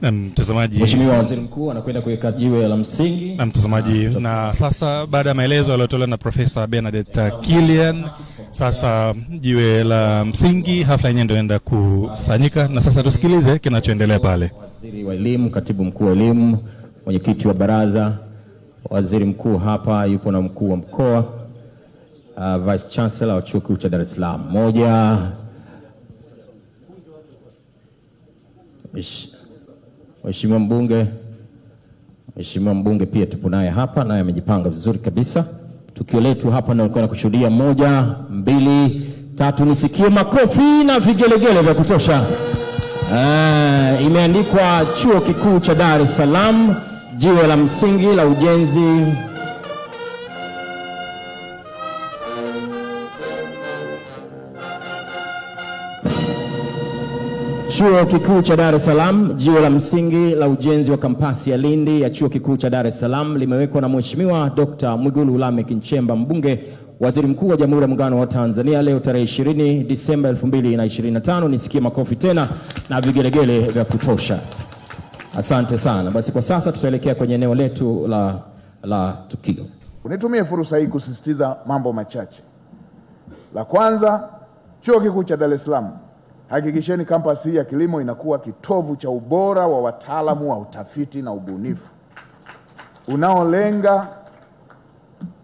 Na mtazamaji, Mheshimiwa Waziri Mkuu anakwenda kuweka jiwe la msingi. Na mtazamaji, na sasa baada ya maelezo yaliyotolewa na Profesa Bernadette Kilian, sasa jiwe la msingi, hafla yenyewe ndio inaenda kufanyika, na sasa tusikilize kinachoendelea pale. Waziri wa Elimu, Katibu Mkuu wa Elimu, Mwenyekiti wa Baraza, Waziri Mkuu hapa yupo na mkuu wa mkoa, uh, Vice Chancellor wa Chuo Kikuu cha Dar es Salaam. Moja Mish. Mheshimiwa mbunge, Mheshimiwa mbunge pia tupo naye hapa, naye amejipanga vizuri kabisa. Tukio letu hapa nalikuwa nakushuhudia, moja, mbili, tatu, nisikie makofi na vigelegele vya kutosha. Uh, imeandikwa Chuo Kikuu cha Dar es Salaam, jiwe la msingi la ujenzi Chuo Kikuu cha Dar es Salaam, jiwe la msingi la ujenzi wa kampasi ya Lindi ya Chuo Kikuu cha Dar es Salaam limewekwa na Mheshimiwa Dr. Mwigulu Lameck Nchemba, mbunge waziri mkuu wa Jamhuri ya Muungano wa Tanzania, leo tarehe 20 Disemba 2025. Nisikie makofi tena na vigelegele vya kutosha. Asante sana. Basi kwa sasa tutaelekea kwenye eneo letu la, la tukio. Nitumie fursa hii kusisitiza mambo machache. La kwanza, Chuo Kikuu cha Dar es Salaam Hakikisheni kampasi hii ya kilimo inakuwa kitovu cha ubora wa wataalamu wa utafiti na ubunifu unaolenga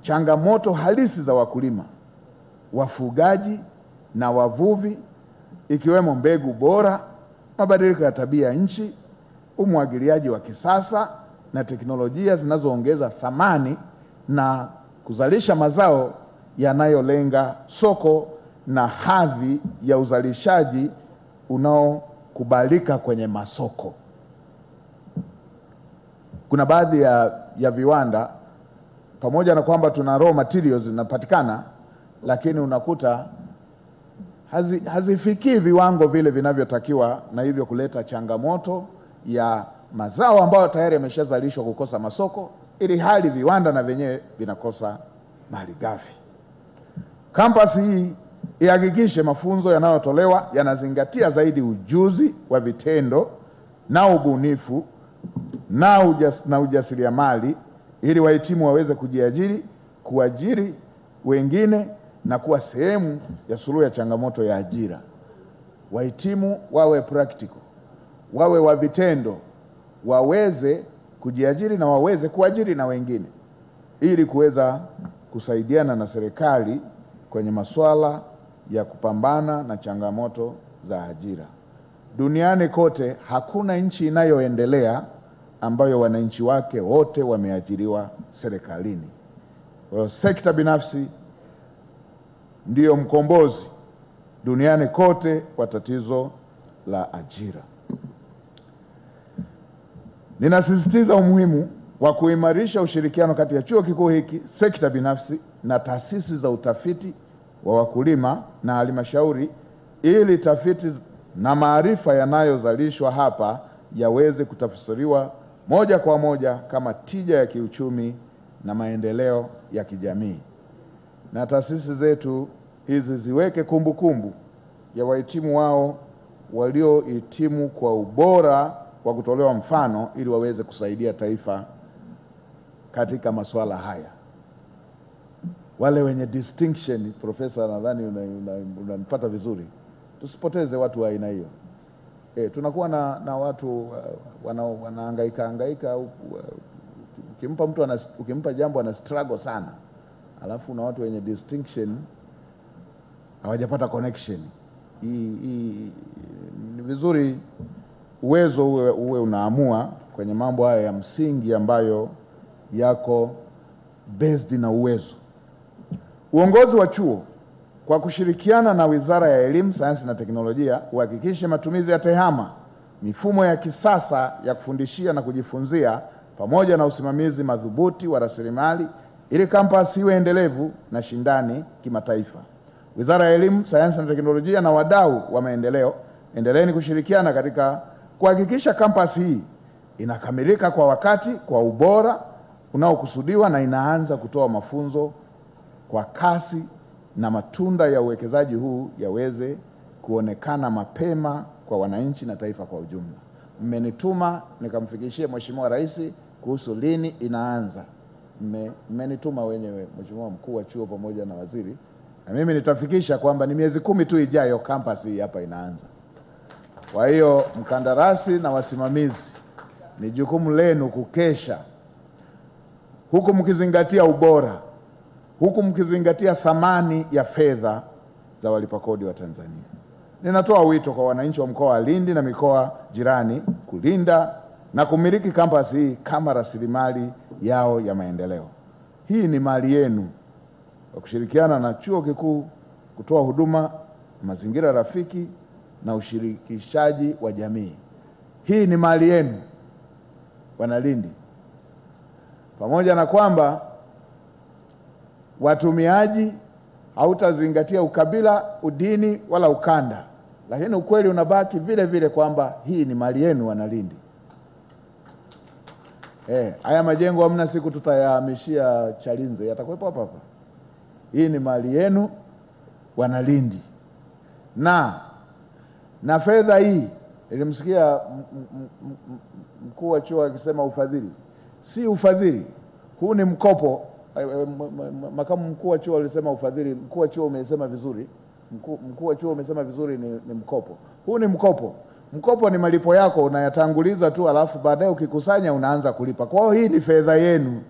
changamoto halisi za wakulima, wafugaji na wavuvi, ikiwemo mbegu bora, mabadiliko ya tabia ya nchi, umwagiliaji wa kisasa na teknolojia zinazoongeza thamani na kuzalisha mazao yanayolenga soko na hadhi ya uzalishaji unaokubalika kwenye masoko. Kuna baadhi ya, ya viwanda pamoja na kwamba tuna raw materials zinapatikana, lakini unakuta hazi, hazifikii viwango vile vinavyotakiwa na hivyo kuleta changamoto ya mazao ambayo tayari yameshazalishwa kukosa masoko, ili hali viwanda na vyenyewe vinakosa malighafi. Kampasi hii ihakikishe mafunzo yanayotolewa yanazingatia zaidi ujuzi wa vitendo na ubunifu na, ujas, na ujasiriamali ili wahitimu waweze kujiajiri, kuajiri wengine na kuwa sehemu ya suluhu ya changamoto ya ajira. Wahitimu wawe practical, wawe wa vitendo, waweze kujiajiri na waweze kuajiri na wengine ili kuweza kusaidiana na serikali kwenye masuala ya kupambana na changamoto za ajira. Duniani kote hakuna nchi inayoendelea ambayo wananchi wake wote wameajiriwa serikalini. Kwa hiyo sekta binafsi ndiyo mkombozi duniani kote kwa tatizo la ajira. Ninasisitiza umuhimu wa kuimarisha ushirikiano kati ya chuo kikuu hiki, sekta binafsi na taasisi za utafiti wa wakulima na halmashauri ili tafiti na maarifa yanayozalishwa hapa yaweze kutafsiriwa moja kwa moja kama tija ya kiuchumi na maendeleo ya kijamii, na taasisi zetu hizi ziweke kumbukumbu kumbu ya wahitimu wao waliohitimu kwa ubora wa kutolewa mfano ili waweze kusaidia taifa katika masuala haya wale wenye distinction, Profesa, nadhani unanipata una, una vizuri, tusipoteze watu wa aina hiyo. E, tunakuwa na, na watu uh, wana, wanaangaika angaika. Ukimpa mtu ana, ukimpa jambo ana struggle sana, alafu na watu wenye distinction hawajapata connection hii. Ni vizuri uwezo uwe, uwe unaamua kwenye mambo haya ya msingi ambayo yako based na uwezo. Uongozi wa chuo kwa kushirikiana na Wizara ya Elimu, Sayansi na Teknolojia uhakikishe matumizi ya TEHAMA, mifumo ya kisasa ya kufundishia na kujifunzia, pamoja na usimamizi madhubuti wa rasilimali ili kampasi iwe endelevu na shindani kimataifa. Wizara ya Elimu, Sayansi na Teknolojia na wadau wa maendeleo, endeleeni kushirikiana katika kuhakikisha kampasi hii inakamilika kwa wakati, kwa ubora unaokusudiwa na inaanza kutoa mafunzo kwa kasi na matunda ya uwekezaji huu yaweze kuonekana mapema kwa wananchi na taifa kwa ujumla. Mmenituma nikamfikishie Mheshimiwa Rais kuhusu lini inaanza. Mmenituma wenyewe Mheshimiwa mkuu wa chuo pamoja na waziri, na mimi nitafikisha kwamba ni miezi kumi tu ijayo kampasi hii hapa inaanza. Kwa hiyo, mkandarasi na wasimamizi, ni jukumu lenu kukesha huku mkizingatia ubora huku mkizingatia thamani ya fedha za walipa kodi wa Tanzania. Ninatoa wito kwa wananchi wa mkoa wa Lindi na mikoa jirani kulinda na kumiliki kampasi hii kama rasilimali yao ya maendeleo. Hii ni mali yenu. Kwa kushirikiana na chuo kikuu kutoa huduma, mazingira rafiki na ushirikishaji wa jamii, hii ni mali yenu Wanalindi, pamoja na kwamba watumiaji, hautazingatia ukabila, udini wala ukanda, lakini ukweli unabaki vile vile kwamba hii ni mali yenu, Wanalindi. Eh, haya majengo hamna siku tutayahamishia Chalinze, yatakuwepo hapa hapa. Hii ni mali yenu Wanalindi, na na fedha hii, ilimsikia mkuu wa chuo akisema ufadhili. Si ufadhili, huu ni mkopo Eh, eh, makamu mkuu wa chuo alisema ufadhili, mkuu wa chuo umesema vizuri, mkuu wa chuo umesema vizuri, ni, ni mkopo. Huu ni mkopo. Mkopo ni malipo yako unayatanguliza tu, alafu baadaye ukikusanya unaanza kulipa. Kwa hiyo hii ni fedha yenu.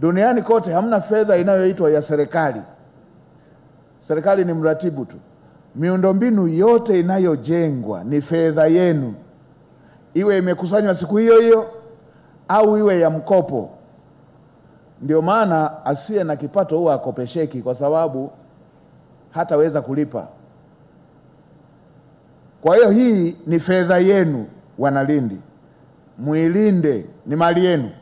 Duniani kote hamna fedha inayoitwa ya serikali. Serikali ni mratibu tu. Miundombinu yote inayojengwa ni fedha yenu, iwe imekusanywa siku hiyo hiyo au iwe ya mkopo. Ndio maana asiye na kipato huwa akopesheki, kwa sababu hataweza kulipa. Kwa hiyo hii ni fedha yenu, Wanalindi, muilinde, ni mali yenu.